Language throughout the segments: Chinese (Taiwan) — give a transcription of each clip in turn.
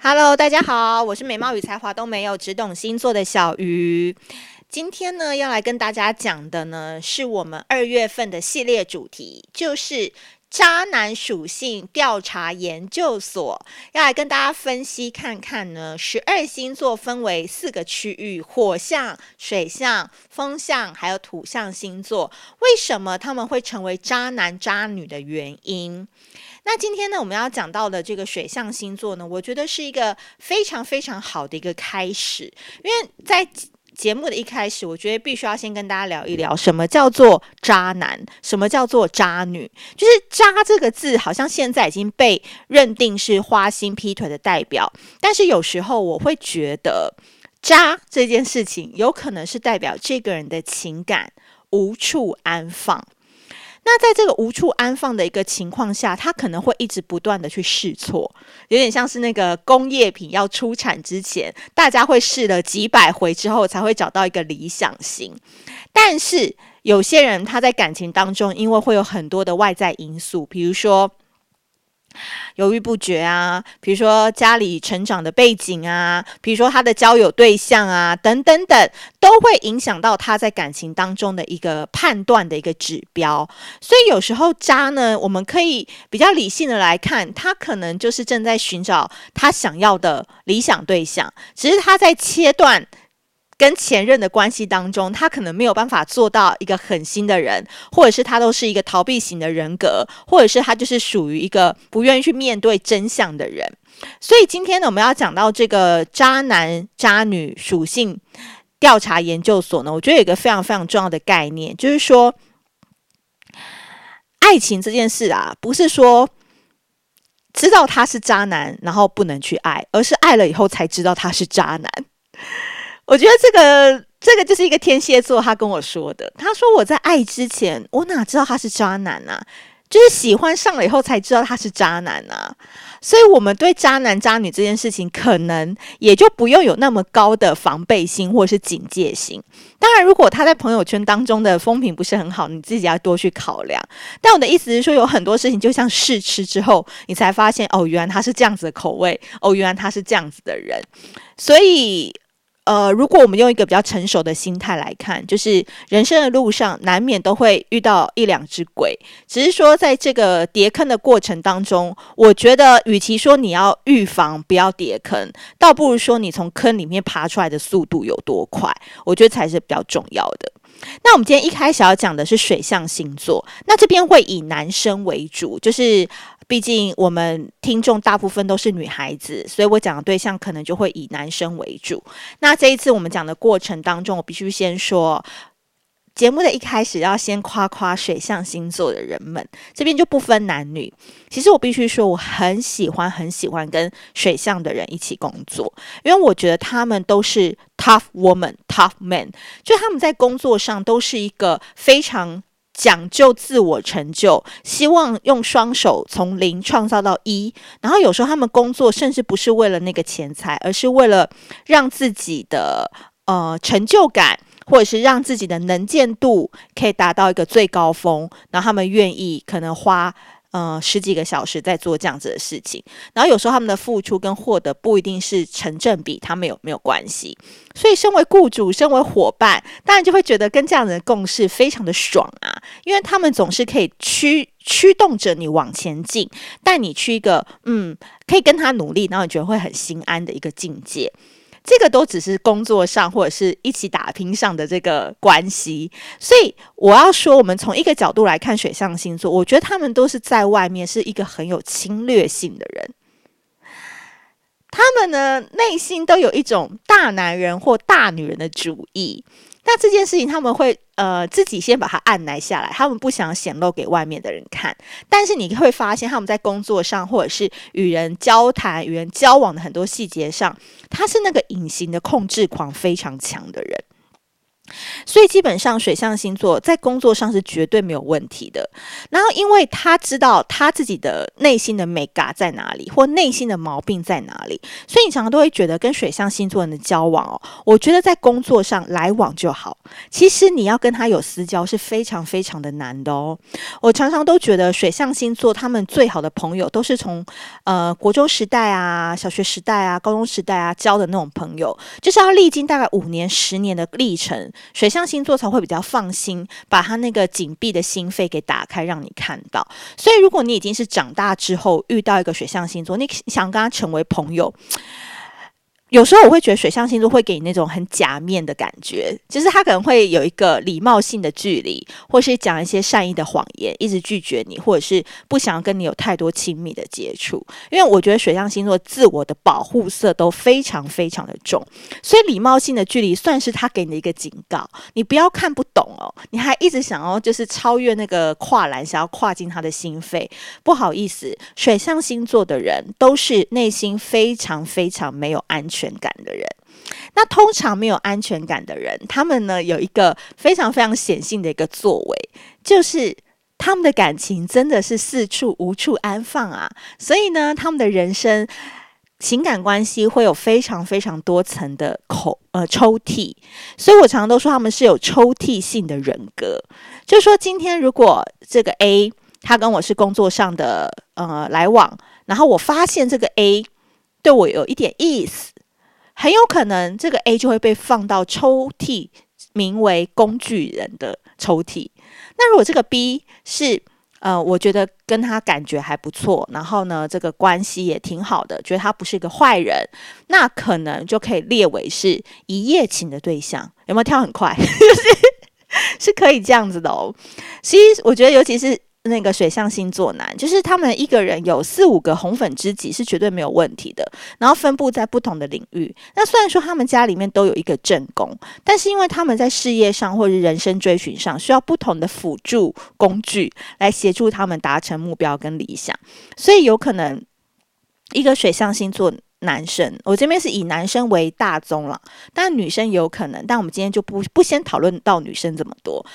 Hello，大家好，我是美貌與才華都沒有，只懂星座的小瑜。今天呢，要來跟大家講的呢，是我們二月份的系列主題，就是渣男屬性調查研究所，要來跟大家分析看看呢，十二星座分為四個區域：火象、水象、風象，還有土象星座。為什麼他們會成為渣男渣女的原因？那今天呢，我們要講到的這個水象星座呢，我覺得是一個非常非常好的一個開始，因為在節目的一開始，我覺得必須要先跟大家聊一聊什麼叫做渣男，什麼叫做渣女，就是“渣”這個字，好像現在已經被認定是花心劈腿的代表，但是有時候我會覺得“渣”這件事情，有可能是代表這個人的情感無處安放。那在這個無處安放的一個情況下，他可能會一直不斷的去試錯，有點像是那個工業品要出產之前，大家會試了幾百回之後才會找到一個理想型。但是有些人他在感情當中，因為會有很多的外在因素，比如說，猶豫不決啊，比如說家裡成長的背景啊，比如說他的交友對象啊，等等等，都會影響到他在感情當中的一個判斷的一個指標。所以有時候渣呢，我們可以比較理性的來看，他可能就是正在尋找他想要的理想對象，只是他在切斷。跟前任的關係當中，他可能沒有辦法做到一個狠心的人，或者是他都是一個逃避型的人格，或者是他就是屬於一個不願意去面對真相的人。所以今天呢，我們要講到這個渣男渣女屬性調查研究所呢，我覺得有一個非常非常重要的概念，就是說，愛情這件事啊，不是說知道他是渣男，然後不能去愛，而是愛了以後才知道他是渣男。我覺得這個這個就是一個天蠍座，他跟我說的。他說我在愛之前，我哪知道他是渣男啊？就是喜歡上了以後才知道他是渣男啊。所以，我們對渣男渣女這件事情，可能也就不用有那麼高的防備心或者是警戒心。當然，如果他在朋友圈當中的風評不是很好，你自己要多去考量。但我的意思是說，有很多事情就像試吃之後，你才發現哦，原來他是這樣子的口味，哦，原來他是這樣子的人。所以。呃，如果我們用一個比較成熟的心態來看，就是人生的路上難免都會遇到一兩隻鬼，只是說在這個跌坑的過程當中，我覺得與其說你要預防不要跌坑，倒不如說你從坑裡面爬出來的速度有多快，我覺得才是比較重要的。那我們今天一開始要講的是水象星座，那這邊會以男生為主，就是。畢竟我們聽眾大部分都是女孩子，所以我講的對象可能就會以男生為主。那這一次我們講的過程當中，我必須先說節目的一開始要先誇誇水象星座的人們，這邊就不分男女。其實我必須說，我很喜歡、很喜歡跟水象的人一起工作，因為我覺得他們都是 tough woman、tough man，就他們在工作上都是一個非常。講究自我成就，希望用雙手從零創造到一。然後有時候他們工作甚至不是為了那個錢財，而是為了讓自己的呃成就感，或者是讓自己的能見度可以達到一個最高峰。然後他們願意可能花。呃，十幾個小時在做這樣子的事情，然後有時候他們的付出跟獲得不一定是成正比，他們有沒有關係？所以，身為僱主，身為夥伴，當然就會覺得跟這樣子的人共事非常的爽啊，因為他們總是可以驅驅動着你往前進，帶你去一個嗯，可以跟他努力，然後你覺得會很心安的一個境界。這個都只是工作上或者是一起打拼上的這個關係，所以我要說，我們從一個角度來看水象星座，我覺得他們都是在外面是一個很有侵略性的人，他們呢，內心都有一種大男人或大女人的主義。那這件事情，他們會呃自己先把它按捺下來，他們不想顯露給外面的人看。但是你會發現，他們在工作上或者是與人交談、與人交往的很多細節上，他是那個隱形的控制狂非常強的人。所以基本上，水象星座在工作上是絕對沒有問題的。然後，因為他知道他自己的內心的美感在哪裡，或內心的毛病在哪裡，所以你常常都會覺得跟水象星座人的交往哦，我覺得在工作上來往就好。其實你要跟他有私交是非常非常的難的哦。我常常都覺得水象星座他們最好的朋友都是從呃國中時代啊、小學時代啊、高中時代啊交的那種朋友，就是要歷經大概五年、十年的歷程。水象星座才會比較放心，把他那個緊閉的心扉給打開，讓你看到。所以，如果你已經是長大之後遇到一個水象星座，你想跟他成為朋友。有時候我會覺得水象星座會給你那種很假面的感覺，就是他可能會有一個禮貌性的距離，或是講一些善意的謊言，一直拒絕你，或者是不想要跟你有太多親密的接觸。因為我覺得水象星座自我的保護色都非常非常的重，所以禮貌性的距離算是他給你的一個警告，你不要看不懂哦，你還一直想要就是超越那個跨欄，想要跨進他的心扉。不好意思，水象星座的人都是內心非常非常沒有安全。安全感的人，那通常沒有安全感的人，他們呢有一個非常非常顯性的一個作為，就是他們的感情真的是四處無處安放啊，所以呢，他們的人生情感關係會有非常非常多層的口呃抽屜，所以我常常都說他們是有抽屜性的人格，就說今天如果這個 A 他跟我是工作上的呃來往，然後我發現這個 A 對我有一點意思。很有可能這個 A 就會被放到抽屜，名為“工具人”的抽屜。那如果這個 B 是，呃，我覺得跟他感覺還不錯，然後呢，這個關係也挺好的，覺得他不是一個壞人，那可能就可以列為是一夜情的對象。有沒有跳很快？就是 是可以這樣子的哦。其實我覺得，尤其是。那個水象星座男，就是他們一個人有四五個紅粉知己是絕對沒有問題的，然後分布在不同的領域。那雖然說他們家裡面都有一個正宮，但是因為他們在事業上或是人生追尋上需要不同的輔助工具來協助他們達成目標跟理想，所以有可能一個水象星座男生，我這邊是以男生為大宗了，但女生有可能，但我們今天就不不先討論到女生這麼多。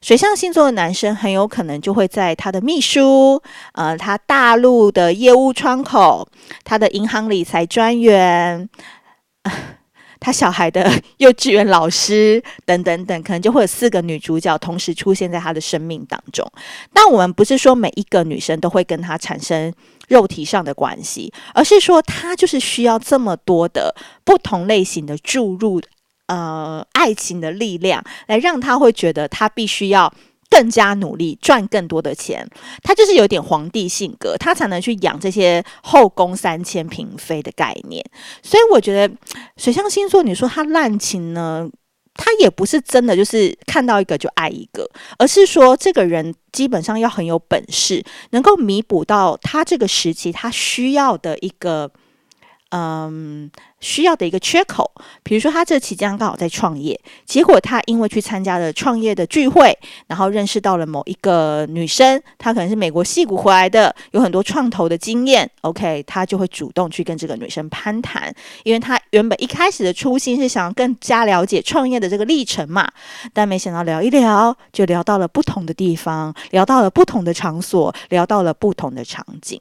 水象星座的男生很有可能就會在他的秘書、呃，他大陸的業務窗口、他的銀行理財專員、呃、他小孩的幼稚園老師等等等，可能就會有四個女主角同時出現在他的生命當中。但我們不是說每一個女生都會跟他產生肉體上的關係，而是說他就是需要這麼多的不同類型的注入。呃，愛情的力量來讓他會覺得他必須要更加努力賺更多的錢，他就是有點皇帝性格，他才能去養這些後宮三千嬪妃的概念。所以我覺得水象星座，你說他濫情呢，他也不是真的就是看到一個就愛一個，而是說這個人基本上要很有本事，能夠彌補到他這個時期他需要的一個。嗯，需要的一個缺口，比如說他這期間剛好在創業，結果他因為去參加了創業的聚會，然後認識到了某一個女生，她可能是美國矽谷回來的，有很多創投的經驗。OK，他就會主動去跟這個女生攀談，因為他原本一開始的初心是想要更加了解創業的這個歷程嘛，但沒想到聊一聊就聊到了不同的地方，聊到了不同的場所，聊到了不同的場景。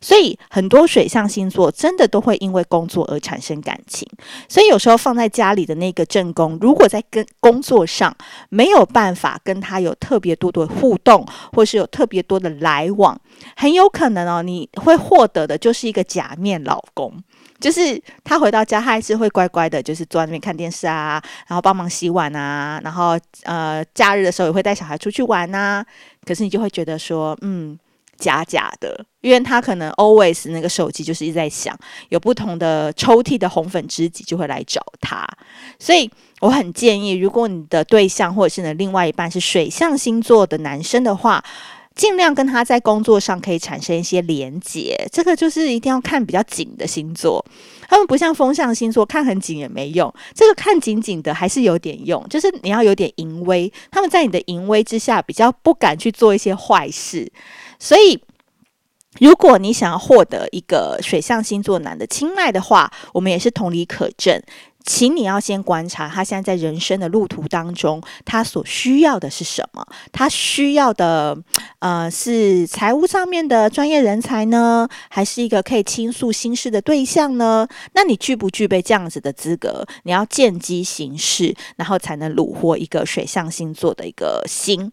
所以很多水象星座真的都會因為工作而產生感情，所以有時候放在家裡的那個正宮，如果在跟工作上沒有辦法跟他有特別多的互動，或是有特別多的來往，很有可能哦，你會獲得的就是一個假面老公，就是他回到家，他還是會乖乖的，就是坐在那邊看電視啊，然後幫忙洗碗啊，然後呃，假日的時候也會帶小孩出去玩啊，可是你就會覺得說，嗯。假假的，因為他可能 always 那個手機就是一直在響，有不同的抽屜的紅粉知己就會來找他，所以我很建議，如果你的對象或者是你的另外一半是水象星座的男生的話，盡量跟他在工作上可以產生一些連結，這個就是一定要看比較緊的星座，他們不像風象星座看很緊也沒用，這個看緊緊的還是有點用，就是你要有點淫威，他們在你的淫威之下比較不敢去做一些壞事。所以，如果你想要獲得一個水象星座男的青睞的話，我們也是同理可證。請你要先觀察他現在在人生的路途當中，他所需要的是什麼？他需要的，呃，是財務上面的專業人才呢？還是一個可以傾訴心事的對象呢？那你具不具備這樣子的資格？你要見機行事，然後才能虜獲一個水象星座的一個心。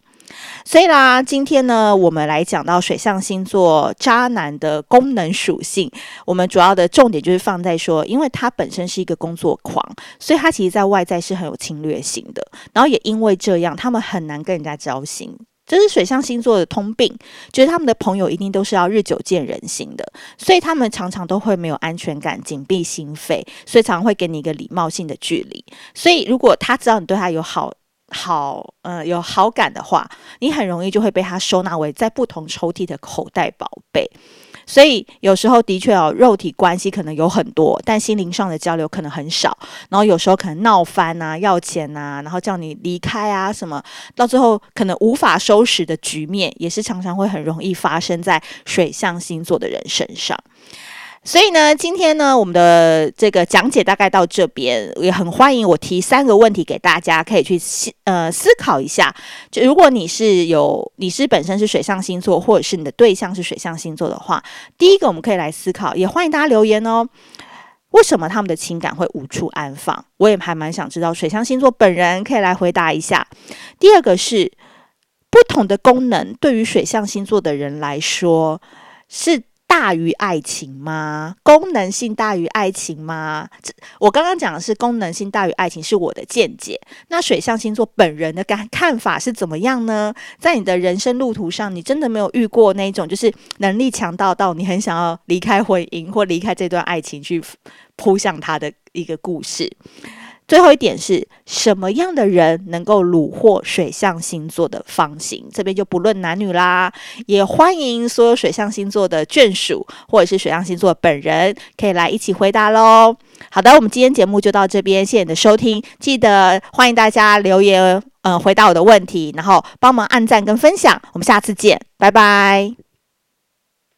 所以啦，今天呢，我們來講到水象星座渣男的功能屬性。我們主要的重點就是放在說，因為他本身是一個工作狂，所以他其實在外在是很有侵略性的。然後也因為這樣，他們很難跟人家交心，這是水象星座的通病，覺得他們的朋友一定都是要日久見人心的，所以他們常常都會沒有安全感，緊閉心扉，所以常會給你一個禮貌性的距離。所以如果他知道你對他有好，好，呃、嗯，有好感的話，你很容易就會被他收納為在不同抽屜的口袋寶貝。所以有時候的確哦，肉體關係可能有很多，但心靈上的交流可能很少。然後有時候可能鬧翻啊，要錢啊，然後叫你離開啊，什麼，到最後可能無法收拾的局面，也是常常會很容易發生在水象星座的人身上。所以呢，今天呢，我們的這個講解大概到這邊，也很歡迎我提三個問題給大家，可以去思呃思考一下。就如果你是有你是本身是水象星座，或者是你的對象是水象星座的話，第一個我們可以來思考，也歡迎大家留言哦。為什麼他們的情感會無處安放？我也還蠻想知道水象星座本人可以來回答一下。第二個是不同的功能對於水象星座的人來說是。大於愛情嗎？功能性大於愛情嗎？我剛剛講的是功能性大於愛情，是我的見解。那水象星座本人的感看法是怎麼樣呢？在你的人生路途上，你真的沒有遇過那種就是能力強大到你很想要離開婚姻或離開這段愛情去撲向他的一個故事？最後一點是什麼樣的人能夠虜獲水象星座的芳心？這邊就不論男女啦，也歡迎所有水象星座的眷屬或者是水象星座本人可以來一起回答嘍。好的，我們今天節目就到這邊，謝謝你的收聽，記得歡迎大家留言，嗯、呃，回答我的問題，然後幫忙按讚跟分享，我們下次見，拜拜。